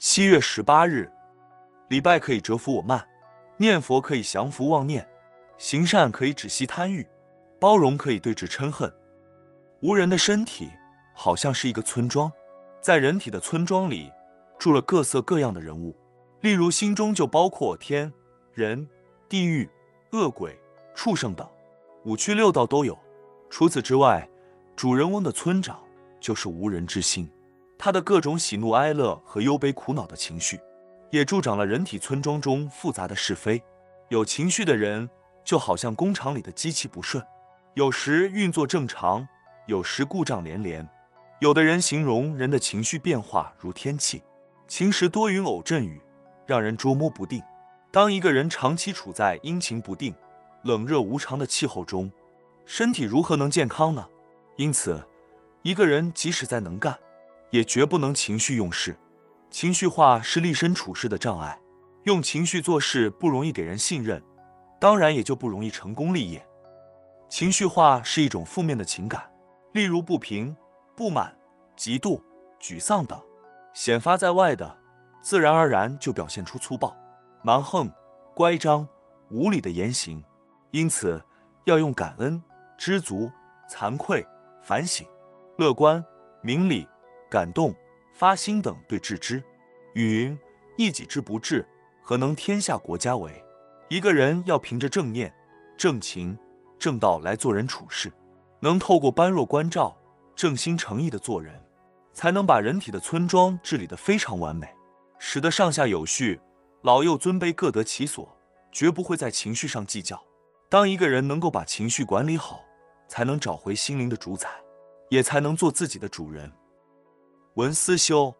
七月十八日，禮拜可以折服我慢，念佛可以降服妄念，行善可以止息貪欲，包容可以對治嗔恨。吾人的身體好像是一個村莊，在人體的村莊裡住了各色各樣的人物，例如心中就包括天、人、地獄、惡鬼、畜生等五趣六道都有。除此之外，主人翁的村長就是吾人之心。他的各種喜怒哀樂和憂悲苦惱的情緒，也助長了人體村莊中複雜的是非。有情緒的人，就好像工廠裡的機器不順，有時運作正常，有時故障連連。有的人形容人的情緒變化如天氣，晴時多雲，偶陣雨，讓人捉摸不定。當一個人長期處在陰晴不定、冷熱無常的氣候中，身體如何能健康呢？因此，一個人即使再能幹，也絕不能情緒用事，情緒化是立身處世的障礙。用情緒做事不容易給人信任，當然也就不容易成功立業。情緒化是一種負面的情感，例如不平、不滿、嫉妒、沮喪等，顯發在外的，自然而然就表現出粗暴、蠻橫、乖張、無理的言行。因此，要用感恩、知足、慚愧、反省、樂觀、明理。感動、發心等對治之。語云：“一己之不治，何能天下國家為？”一個人要憑着正念、正情、正道來做人處事，能透過般若觀照，正心誠意的做人，才能把人體的村莊治理得非常完美，使得上下有序，老幼尊卑各得其所，絕不會在情緒上計較。當一個人能夠把情緒管理好，才能找回心靈的主宰，也才能做自己的主人。文思修，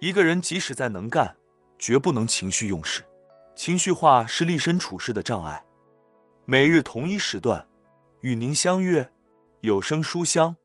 一個人即使再能幹，絕不能情緒用事。情緒化是立身處世的障礙。每日同一時段，與您相約，有聲書香。